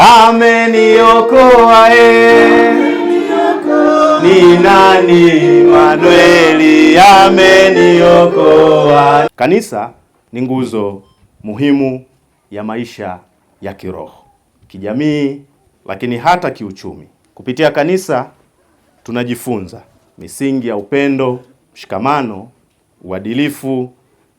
ameniokoa ni nani Manueli ameniokoa. Kanisa ni nguzo muhimu ya maisha ya kiroho, kijamii, lakini hata kiuchumi. Kupitia kanisa tunajifunza misingi ya upendo, mshikamano, uadilifu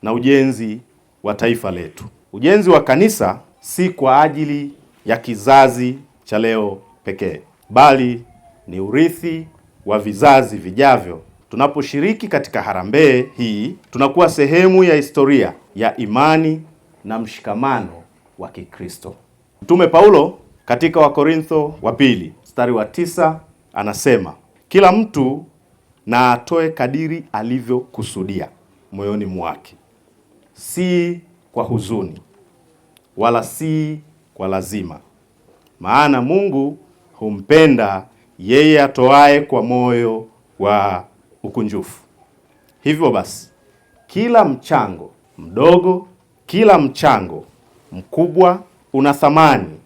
na ujenzi wa taifa letu. Ujenzi wa kanisa si kwa ajili ya kizazi cha leo pekee, bali ni urithi wa vizazi vijavyo. Tunaposhiriki katika harambee hii, tunakuwa sehemu ya historia ya imani na mshikamano wa Kikristo. Mtume Paulo katika Wakorintho wa pili mstari wa tisa anasema kila mtu na atoe kadiri alivyokusudia moyoni mwake, si kwa huzuni wala si wa lazima, maana Mungu humpenda yeye atoae kwa moyo wa ukunjufu. Hivyo basi, kila mchango mdogo, kila mchango mkubwa una thamani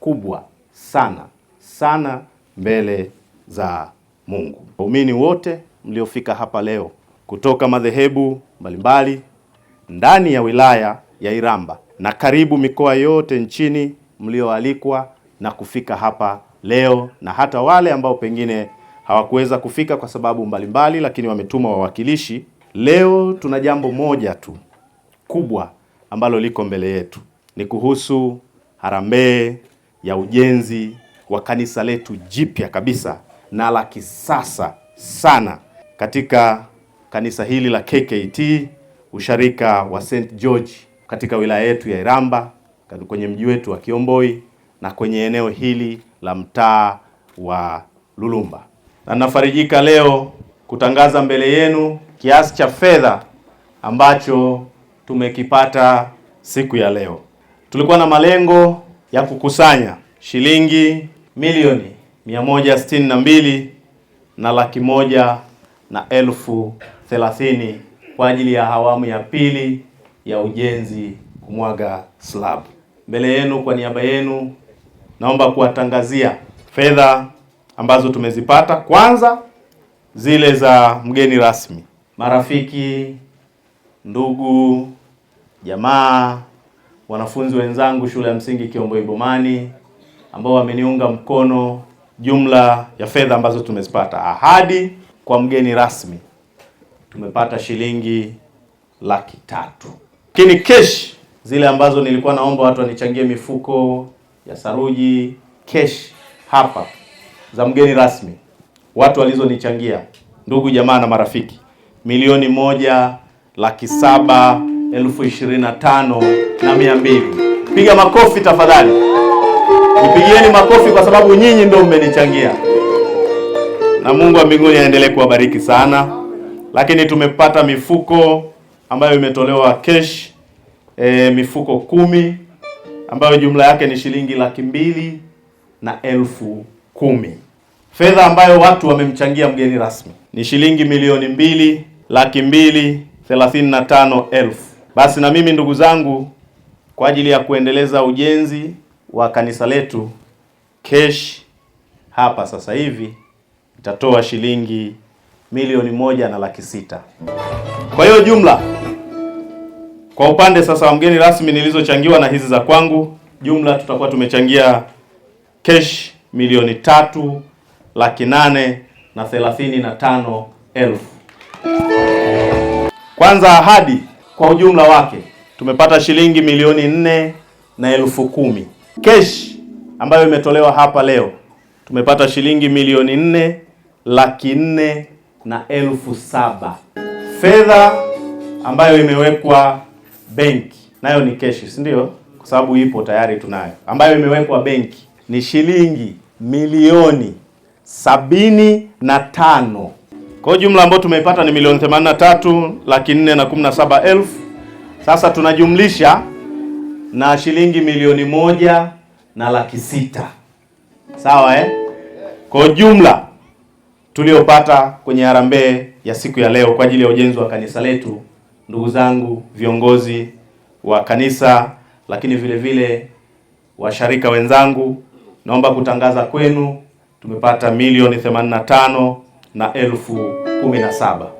kubwa sana sana mbele za Mungu. Waumini wote mliofika hapa leo kutoka madhehebu mbalimbali ndani ya wilaya ya Iramba na karibu mikoa yote nchini mlioalikwa na kufika hapa leo, na hata wale ambao pengine hawakuweza kufika kwa sababu mbalimbali mbali, lakini wametuma wawakilishi. Leo tuna jambo moja tu kubwa ambalo liko mbele yetu, ni kuhusu harambee ya ujenzi wa kanisa letu jipya kabisa na la kisasa sana katika kanisa hili la KKT usharika wa St George katika wilaya yetu ya Iramba, kwenye mji wetu wa Kiomboi na kwenye eneo hili la mtaa wa Lulumba. Na nafarijika leo kutangaza mbele yenu kiasi cha fedha ambacho tumekipata siku ya leo. Tulikuwa na malengo ya kukusanya shilingi milioni 162 na laki moja na elfu thelathini kwa ajili ya awamu ya pili ya ujenzi kumwaga slab. Mbele yenu kwa niaba yenu naomba kuwatangazia fedha ambazo tumezipata. Kwanza zile za mgeni rasmi, marafiki, ndugu, jamaa, wanafunzi wenzangu shule ya msingi Kiombo Ibomani ambao wameniunga mkono, jumla ya fedha ambazo tumezipata. Ahadi kwa mgeni rasmi tumepata shilingi laki tatu. Lakini cash zile ambazo nilikuwa naomba watu wanichangie mifuko ya saruji cash hapa za mgeni rasmi, watu walizonichangia ndugu jamaa na marafiki, milioni moja laki saba elfu ishirini na tano na mia mbili. Piga makofi tafadhali, nipigieni makofi kwa sababu nyinyi ndio mmenichangia, na Mungu wa mbinguni aendelee kuwabariki sana. Lakini tumepata mifuko ambayo imetolewa cash e, mifuko kumi ambayo jumla yake ni shilingi laki mbili na elfu kumi. Fedha ambayo watu wamemchangia mgeni rasmi ni shilingi milioni mbili laki mbili thelathini na tano elfu. Basi na mimi ndugu zangu, kwa ajili ya kuendeleza ujenzi wa kanisa letu, cash hapa sasa hivi itatoa shilingi milioni moja na laki sita. Kwa hiyo jumla kwa upande sasa wa mgeni rasmi nilizochangiwa na hizi za kwangu, jumla tutakuwa tumechangia cash milioni tatu laki nane na thelathini na tano elfu. Kwanza ahadi kwa ujumla wake tumepata shilingi milioni nne na elfu kumi cash ambayo imetolewa hapa leo tumepata shilingi milioni nne laki nne na elfu saba fedha ambayo imewekwa benki nayo ni keshi, si ndio? Kwa sababu ipo tayari tunayo, ambayo imewekwa benki ni shilingi milioni sabini na tano. Kwa jumla ambayo tumeipata ni milioni 83 laki 4 na saba elfu. Sasa tunajumlisha na shilingi milioni moja na laki sita, sawa eh? Kwa jumla tuliyopata kwenye harambee ya siku ya leo kwa ajili ya ujenzi wa kanisa letu ndugu zangu viongozi wa kanisa, lakini vile vile washarika wenzangu, naomba kutangaza kwenu tumepata milioni 85 na elfu 17.